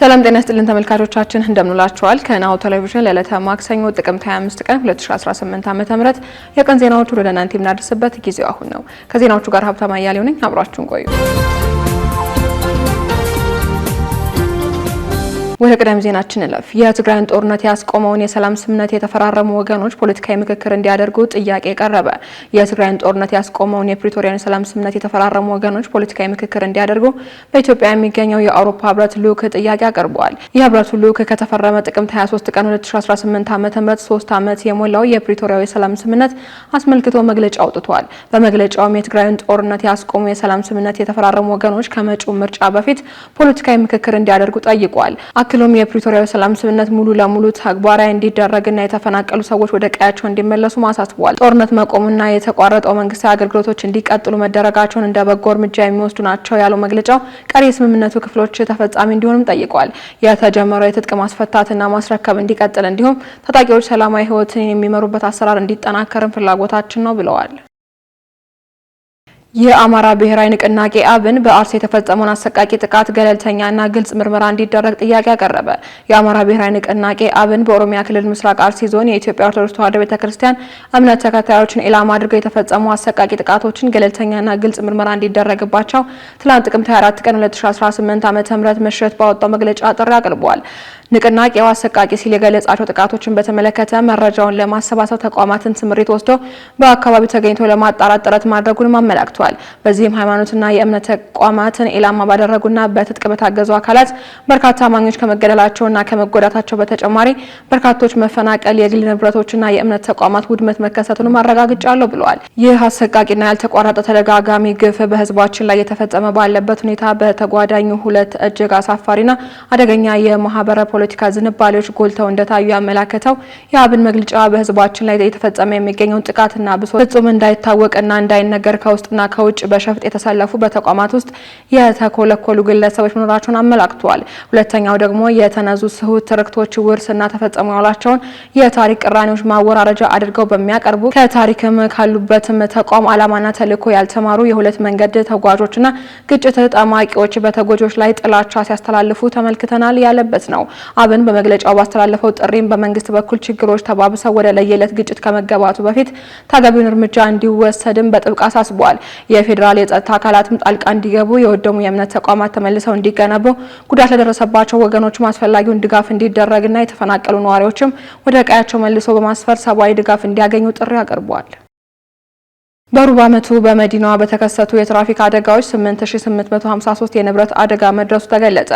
ሰላም ጤና ስጥልን ተመልካቾቻችን እንደምንላችኋል። ከናሁ ቴሌቪዥን ለዕለተ ማክሰኞ ጥቅምት 25 ቀን 2018 ዓ.ም ተመረጥ የቀን ዜናዎቹ ወደ እናንተ የምናደርስበት ጊዜው አሁን ነው። ከዜናዎቹ ጋር ሀብታማ አያሌው ነኝ። አብራችሁን ቆዩ። ወደ ቅደም ዜናችን እለፍ። የትግራይን ጦርነት ያስቆመውን የሰላም ስምምነት የተፈራረሙ ወገኖች ፖለቲካዊ ምክክር እንዲያደርጉ ጥያቄ ቀረበ። የትግራይን ጦርነት ያስቆመውን የፕሪቶሪያን የሰላም ስምምነት የተፈራረሙ ወገኖች ፖለቲካዊ ምክክር እንዲያደርጉ በኢትዮጵያ የሚገኘው የአውሮፓ ህብረት ልዑክ ጥያቄ አቅርበዋል። የህብረቱ ልዑክ ከተፈረመ ጥቅምት 23 ቀን 2018 ዓ ም ሶስት ዓመት የሞላው የፕሪቶሪያው የሰላም ስምምነት አስመልክቶ መግለጫ አውጥቷል። በመግለጫውም የትግራይን ጦርነት ያስቆሙ የሰላም ስምምነት የተፈራረሙ ወገኖች ከመጪው ምርጫ በፊት ፖለቲካዊ ምክክር እንዲያደርጉ ጠይቋል። አክሎም የፕሪቶሪያው ሰላም ስምምነት ሙሉ ለሙሉ ተግባራዊ እንዲደረግና የተፈናቀሉ ሰዎች ወደ ቀያቸው እንዲመለሱ ማሳስቧል። ጦርነት መቆሙና የተቋረጠው መንግስታዊ አገልግሎቶች እንዲቀጥሉ መደረጋቸውን እንደ በጎ እርምጃ የሚወስዱ ናቸው ያለው መግለጫው ቀሪ የስምምነቱ ክፍሎች ተፈጻሚ እንዲሆኑም ጠይቋል። የተጀመረው የትጥቅ ማስፈታትና ማስረከብ እንዲቀጥል እንዲሁም ታጣቂዎች ሰላማዊ ህይወትን የሚመሩበት አሰራር እንዲጠናከርም ፍላጎታችን ነው ብለዋል። የአማራ ብሔራዊ ንቅናቄ አብን በአርሲ የተፈጸመውን አሰቃቂ ጥቃት ገለልተኛና ግልጽ ምርመራ እንዲደረግ ጥያቄ አቀረበ። የአማራ ብሔራዊ ንቅናቄ አብን በኦሮሚያ ክልል ምስራቅ አርሲ ዞን የኢትዮጵያ ኦርቶዶክስ ተዋሕዶ ቤተክርስቲያን እምነት ተከታዮችን ኢላማ አድርገው የተፈጸሙ አሰቃቂ ጥቃቶችን ገለልተኛና ግልጽ ምርመራ እንዲደረግባቸው ትላንት ጥቅምት 24 ቀን 2018 ዓ.ም ምሽት ባወጣው መግለጫ ጥሪ አቅርቧል። ንቅናቄው አሰቃቂ ሲል የገለጻቸው ጥቃቶችን በተመለከተ መረጃውን ለማሰባሰብ ተቋማትን ስምሪት ወስዶ በአካባቢው ተገኝቶ ለማጣራት ጥረት ማድረጉንም አመላክተዋል። በዚህም ሃይማኖትና የእምነት ተቋማትን ኢላማ ባደረጉና በትጥቅ በታገዙ አካላት በርካታ አማኞች ከመገደላቸውና ከመጎዳታቸው በተጨማሪ በርካቶች መፈናቀል፣ የግል ንብረቶችና የእምነት ተቋማት ውድመት መከሰቱን ማረጋግጫለሁ ብለዋል። ይህ አሰቃቂና ያልተቋረጠ ተደጋጋሚ ግፍ በህዝባችን ላይ የተፈጸመ ባለበት ሁኔታ በተጓዳኙ ሁለት እጅግ አሳፋሪና አደገኛ የማህበረ የፖለቲካ ዝንባሌዎች ጎልተው እንደታዩ ያመላከተው የአብን መግለጫ በህዝባችን ላይ የተፈጸመ የሚገኘውን ጥቃትና ብሶት ፍጹም እንዳይታወቅና እንዳይነገር ከውስጥና ከውጭ በሸፍጥ የተሰለፉ በተቋማት ውስጥ የተኮለኮሉ ግለሰቦች መኖራቸውን አመላክተዋል። ሁለተኛው ደግሞ የተነዙ ስሁት ትርክቶች ውርስና ተፈጸሙ ያሏቸውን የታሪክ ቅራኔዎች ማወራረጃ አድርገው በሚያቀርቡ ከታሪክም ካሉበትም ተቋም አላማና ተልዕኮ ያልተማሩ የሁለት መንገድ ተጓዦችና ግጭት ጠማቂዎች በተጎጆች ላይ ጥላቻ ሲያስተላልፉ ተመልክተናል ያለበት ነው። አብን በመግለጫው ባስተላለፈው ጥሪም በመንግስት በኩል ችግሮች ተባብሰው ወደ ለየለት ግጭት ከመገባቱ በፊት ተገቢውን እርምጃ እንዲወሰድም በጥብቅ አሳስቧል። የፌዴራል የጸጥታ አካላትም ጣልቃ እንዲገቡ፣ የወደሙ የእምነት ተቋማት ተመልሰው እንዲገነቡ፣ ጉዳት ለደረሰባቸው ወገኖች አስፈላጊውን ድጋፍ እንዲደረግና የተፈናቀሉ ነዋሪዎችም ወደ ቀያቸው መልሶ በማስፈር ሰብአዊ ድጋፍ እንዲያገኙ ጥሪ አቅርቧል። በሩብ ዓመቱ በመዲናዋ በተከሰቱ የትራፊክ አደጋዎች 8853 የንብረት አደጋ መድረሱ ተገለጸ።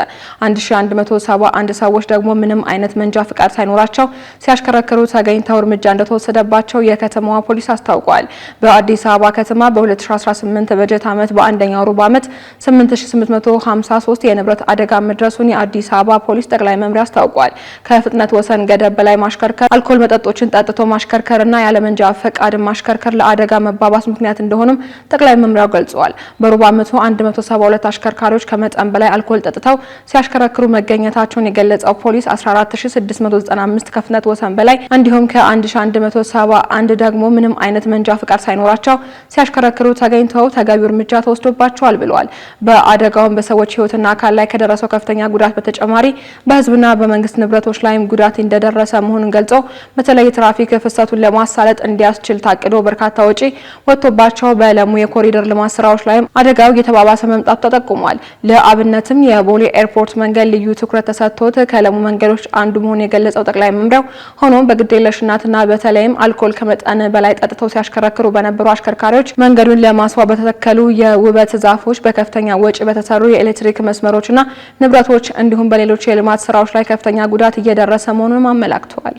1171 ሰዎች ደግሞ ምንም አይነት መንጃ ፍቃድ ሳይኖራቸው ሲያሽከረክሩ ተገኝተው እርምጃ እንደተወሰደባቸው የከተማዋ ፖሊስ አስታውቋል። በአዲስ አበባ ከተማ በ2018 በጀት ዓመት በአንደኛው ሩብ ዓመት 8853 የንብረት አደጋ መድረሱን የአዲስ አበባ ፖሊስ ጠቅላይ መምሪያ አስታውቋል። ከፍጥነት ወሰን ገደብ በላይ ማሽከርከር፣ አልኮል መጠጦችን ጠጥቶ ማሽከርከር እና ያለመንጃ ፈቃድ ማሽከርከር ለአደጋ መባባ መባባስ ምክንያት እንደሆኑም ጠቅላይ መምሪያው ገልጸዋል። በሩብ ዓመቱ 172 አሽከርካሪዎች ከመጠን በላይ አልኮል ጠጥተው ሲያሽከረክሩ መገኘታቸውን የገለጸው ፖሊስ 14695 ከፍነት ወሰን በላይ እንዲሁም ከ1171 ደግሞ ምንም አይነት መንጃ ፍቃድ ሳይኖራቸው ሲያሽከረክሩ ተገኝተው ተገቢው እርምጃ ተወስዶባቸዋል ብለዋል። በአደጋውም በሰዎች ህይወትና አካል ላይ ከደረሰው ከፍተኛ ጉዳት በተጨማሪ በህዝብና በመንግስት ንብረቶች ላይም ጉዳት እንደደረሰ መሆኑን ገልጸው በተለይ ትራፊክ ፍሰቱን ለማሳለጥ እንዲያስችል ታቅዶ በርካታ ወጪ ወጥቶባቸው በለሙ የኮሪደር ልማት ስራዎች ላይም አደጋው እየተባባሰ መምጣቱ ተጠቁሟል። ለአብነትም የቦሌ ኤርፖርት መንገድ ልዩ ትኩረት ተሰጥቶት ከለሙ መንገዶች አንዱ መሆኑን የገለጸው ጠቅላይ መምሪያው ሆኖም በግዴለሽነትና በተለይም አልኮል ከመጠን በላይ ጠጥተው ሲያሽከረክሩ በነበሩ አሽከርካሪዎች መንገዱን ለማስዋብ በተተከሉ የውበት ዛፎች፣ በከፍተኛ ወጪ በተሰሩ የኤሌክትሪክ መስመሮችና ንብረቶች እንዲሁም በሌሎች የልማት ስራዎች ላይ ከፍተኛ ጉዳት እየደረሰ መሆኑንም አመላክተዋል።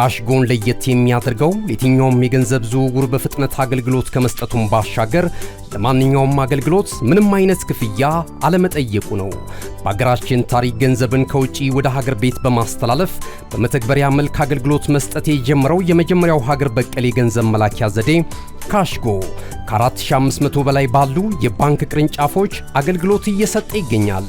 ካሽጎን ለየት የሚያደርገው የትኛውም የገንዘብ ዝውውር በፍጥነት አገልግሎት ከመስጠቱም ባሻገር ለማንኛውም አገልግሎት ምንም አይነት ክፍያ አለመጠየቁ ነው። በሀገራችን ታሪክ ገንዘብን ከውጪ ወደ ሀገር ቤት በማስተላለፍ በመተግበሪያ መልክ አገልግሎት መስጠት የጀመረው የመጀመሪያው ሀገር በቀል የገንዘብ መላኪያ ዘዴ ካሽጎ ከ4500 በላይ ባሉ የባንክ ቅርንጫፎች አገልግሎት እየሰጠ ይገኛል።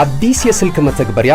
አዲስ የስልክ መተግበሪያ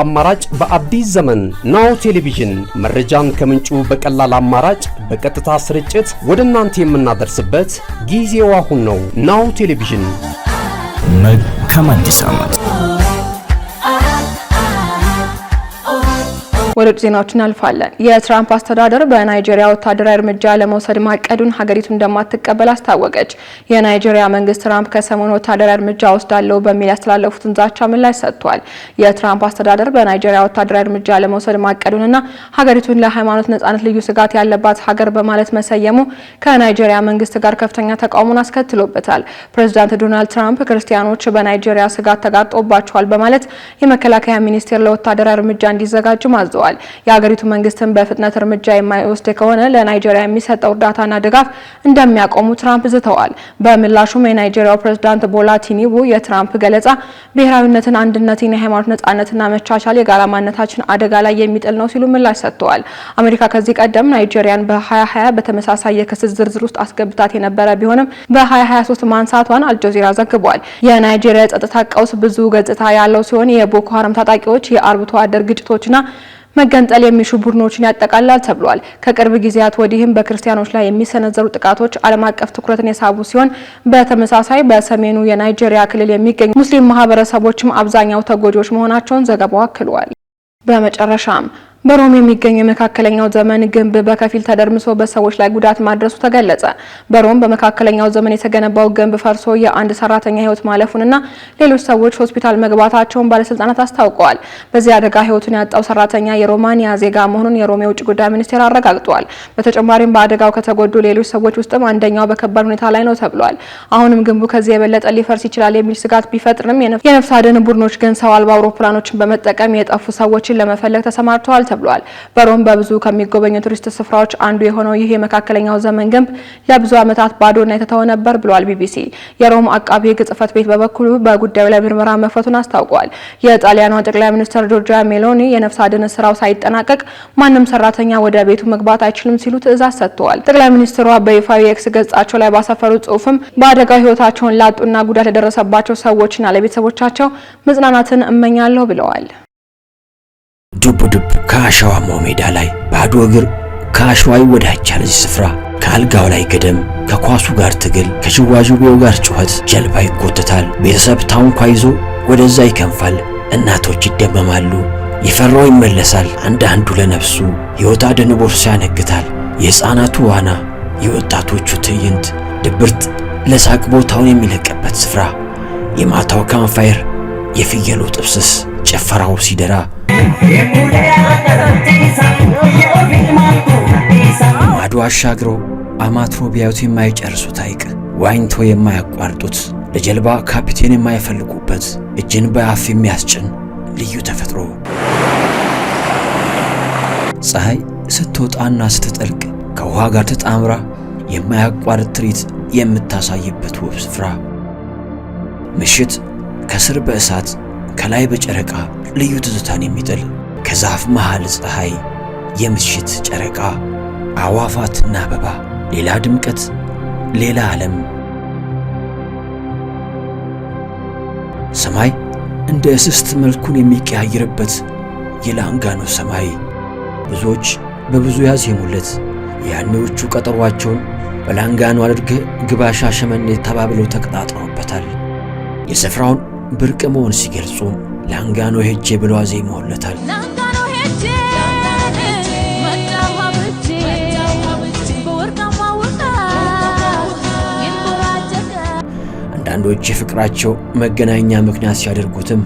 አማራጭ በአዲስ ዘመን ናው ቴሌቪዥን መረጃን ከምንጩ በቀላል አማራጭ በቀጥታ ስርጭት ወደ እናንተ የምናደርስበት ጊዜው አሁን ነው። ናው ቴሌቪዥን መልካም አዲስ ዓመት ወደ ውጭ ዜናዎች እናልፋለን። የትራምፕ አስተዳደር በናይጄሪያ ወታደራዊ እርምጃ ለመውሰድ ማቀዱን ሀገሪቱ እንደማትቀበል አስታወቀች። የናይጄሪያ መንግስት ትራምፕ ከሰሞኑ ወታደራዊ እርምጃ ወስዳለሁ በሚል ያስተላለፉትን ዛቻ ምላሽ ሰጥቷል። የትራምፕ አስተዳደር በናይጄሪያ ወታደራዊ እርምጃ ለመውሰድ ማቀዱንና ሀገሪቱን ለሃይማኖት ነጻነት ልዩ ስጋት ያለባት ሀገር በማለት መሰየሙ ከናይጄሪያ መንግስት ጋር ከፍተኛ ተቃውሞን አስከትሎበታል። ፕሬዚዳንት ዶናልድ ትራምፕ ክርስቲያኖች በናይጄሪያ ስጋት ተጋርጦባቸዋል በማለት የመከላከያ ሚኒስቴር ለወታደራዊ እርምጃ እንዲዘጋጅ አዘዋል። ገልጸዋል። የሀገሪቱ መንግስትን በፍጥነት እርምጃ የማይወስድ ከሆነ ለናይጄሪያ የሚሰጠው እርዳታና ድጋፍ እንደሚያቆሙ ትራምፕ ዝተዋል። በምላሹም የናይጄሪያው ፕሬዝዳንት ቦላ ቲኒቡ የትራምፕ ገለጻ ብሔራዊነትን፣ አንድነትን፣ የሃይማኖት ነጻነትና መቻቻል የጋራ ማንነታችን አደጋ ላይ የሚጥል ነው ሲሉ ምላሽ ሰጥተዋል። አሜሪካ ከዚህ ቀደም ናይጄሪያን በ2020 በተመሳሳይ የክስ ዝርዝር ውስጥ አስገብታት የነበረ ቢሆንም በ2023 ማንሳቷን አልጀዚራ ዘግቧል። የናይጄሪያ የጸጥታ ቀውስ ብዙ ገጽታ ያለው ሲሆን የቦኮ ሀረም ታጣቂዎች የአርብቶ አደር ግጭቶችና መገንጠል የሚሹ ቡድኖችን ያጠቃልላል ተብሏል። ከቅርብ ጊዜያት ወዲህም በክርስቲያኖች ላይ የሚሰነዘሩ ጥቃቶች ዓለም አቀፍ ትኩረትን የሳቡ ሲሆን በተመሳሳይ በሰሜኑ የናይጄሪያ ክልል የሚገኙ ሙስሊም ማህበረሰቦችም አብዛኛው ተጎጂዎች መሆናቸውን ዘገባው አክሏል። በመጨረሻም በሮም የሚገኝ የመካከለኛው ዘመን ግንብ በከፊል ተደርምሶ በሰዎች ላይ ጉዳት ማድረሱ ተገለጸ። በሮም በመካከለኛው ዘመን የተገነባው ግንብ ፈርሶ የአንድ ሰራተኛ ህይወት ማለፉንና ሌሎች ሰዎች ሆስፒታል መግባታቸውን ባለስልጣናት አስታውቀዋል። በዚህ አደጋ ህይወቱን ያጣው ሰራተኛ የሮማኒያ ዜጋ መሆኑን የሮም የውጭ ጉዳይ ሚኒስቴር አረጋግጧል። በተጨማሪም በአደጋው ከተጎዱ ሌሎች ሰዎች ውስጥም አንደኛው በከባድ ሁኔታ ላይ ነው ተብሏል። አሁንም ግንቡ ከዚህ የበለጠ ሊፈርስ ይችላል የሚል ስጋት ቢፈጥርም የነፍስ አድን ቡድኖች ግን ሰው አልባ አውሮፕላኖችን በመጠቀም የጠፉ ሰዎችን ለመፈለግ ተሰማርተዋል። ተብሏል። በሮም በብዙ ከሚጎበኙ ቱሪስት ስፍራዎች አንዱ የሆነው ይህ የመካከለኛው ዘመን ግንብ ለብዙ ዓመታት ባዶና የተተወ ነበር ብሏል ቢቢሲ። የሮም አቃቢ ሕግ ቤት በበኩሉ በጉዳዩ ላይ ምርመራ መክፈቱን አስታውቋል። የጣሊያኗ ጠቅላይ ሚኒስትር ጆርጂያ ሜሎኒ የነፍስ አድን ስራው ሳይጠናቀቅ ማንም ሰራተኛ ወደ ቤቱ መግባት አይችልም ሲሉ ትዕዛዝ ሰጥተዋል። ጠቅላይ ሚኒስትሯ በይፋዊ የኤክስ ገጻቸው ላይ ባሰፈሩ ጽሁፍም በአደጋው ህይወታቸውን ላጡና ጉዳት ለደረሰባቸው ሰዎችና ለቤተሰቦቻቸው መጽናናትን እመኛለሁ ብለዋል። ድብ ድብ ከአሸዋማው ሜዳ ላይ ባዶ እግር ከአሸዋ ይወዳጃል። እዚህ ስፍራ ከአልጋው ላይ ገደም፣ ከኳሱ ጋር ትግል፣ ከዥዋዥዌው ጋር ጩኸት ጀልባ ይጎተታል። ቤተሰብ ታንኳ ይዞ ወደዛ ይከንፋል። እናቶች ይደመማሉ። የፈራው ይመለሳል። አንዳንዱ ለነፍሱ ሕይወት አድን ቦርሳ ያነግታል። የሕፃናቱ ዋና፣ የወጣቶቹ ትዕይንት፣ ድብርት ለሳቅ ቦታውን የሚለቀበት ስፍራ፣ የማታው ካምፋየር፣ የፍየሉ ጥብስስ፣ ጭፈራው ሲደራ ማዶ አሻግረው አማትሮ ቢያዩት የማይጨርሱት ሐይቅ ዋኝቶ የማያቋርጡት ለጀልባ ካፒቴን የማይፈልጉበት እጅን በአፍ የሚያስጭን ልዩ ተፈጥሮ ፀሐይ ስትወጣና ስትጠልቅ ከውሃ ጋር ተጣምራ የማያቋርጥ ትርኢት የምታሳይበት ውብ ስፍራ ምሽት ከስር በእሳት ከላይ በጨረቃ ልዩ ትዝታን የሚጥል ከዛፍ መሃል ፀሐይ፣ የምሽት ጨረቃ፣ አዋፋትና አበባ፣ ሌላ ድምቀት፣ ሌላ ዓለም። ሰማይ እንደ እስስት መልኩን የሚቀያየርበት የላንጋኖ ሰማይ ብዙዎች በብዙ ያዜሙለት ያኔዎቹ ቀጠሯቸውን በላንጋኖ አድርገ ግባሻ ሸመኔ ተባብለው ተቀጣጥረውበታል። የስፍራውን ብርቅ መሆን ሲገልጹ ላንጋኖ ሄጄ ብሎ አዜመውለታል። አንዳንዶች የፍቅራቸው መገናኛ ምክንያት ሲያደርጉትም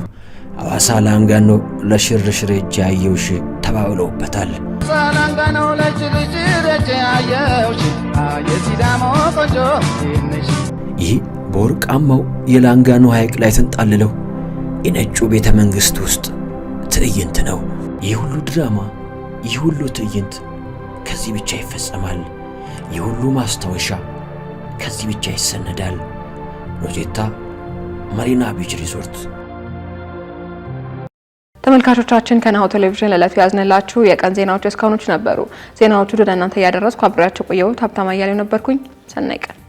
አዋሳ ላንጋኖ ለሽርሽር ሄጄ አየውሽ ተባብለውበታል። ይህ በወርቃማው የላንጋኖ ሐይቅ ላይ ተንጣልለው የነጩ ቤተ መንግሥት ውስጥ ትዕይንት ነው። ይህ ሁሉ ድራማ፣ ይህ ሁሉ ትዕይንት ከዚህ ብቻ ይፈጸማል። ይህ ሁሉ ማስታወሻ ከዚህ ብቻ ይሰነዳል። ሮዜታ ማሪና ቢች ሪዞርት። ተመልካቾቻችን ከናሁ ቴሌቪዥን ለዕለቱ ያዝነላችሁ የቀን ዜናዎች እስካሁኖች ነበሩ። ዜናዎቹ ወደ እናንተ እያደረስኩ አብሬያቸው ቆየሁት። ሀብታማ እያሌው ነበርኩኝ። ሰናይ ቀን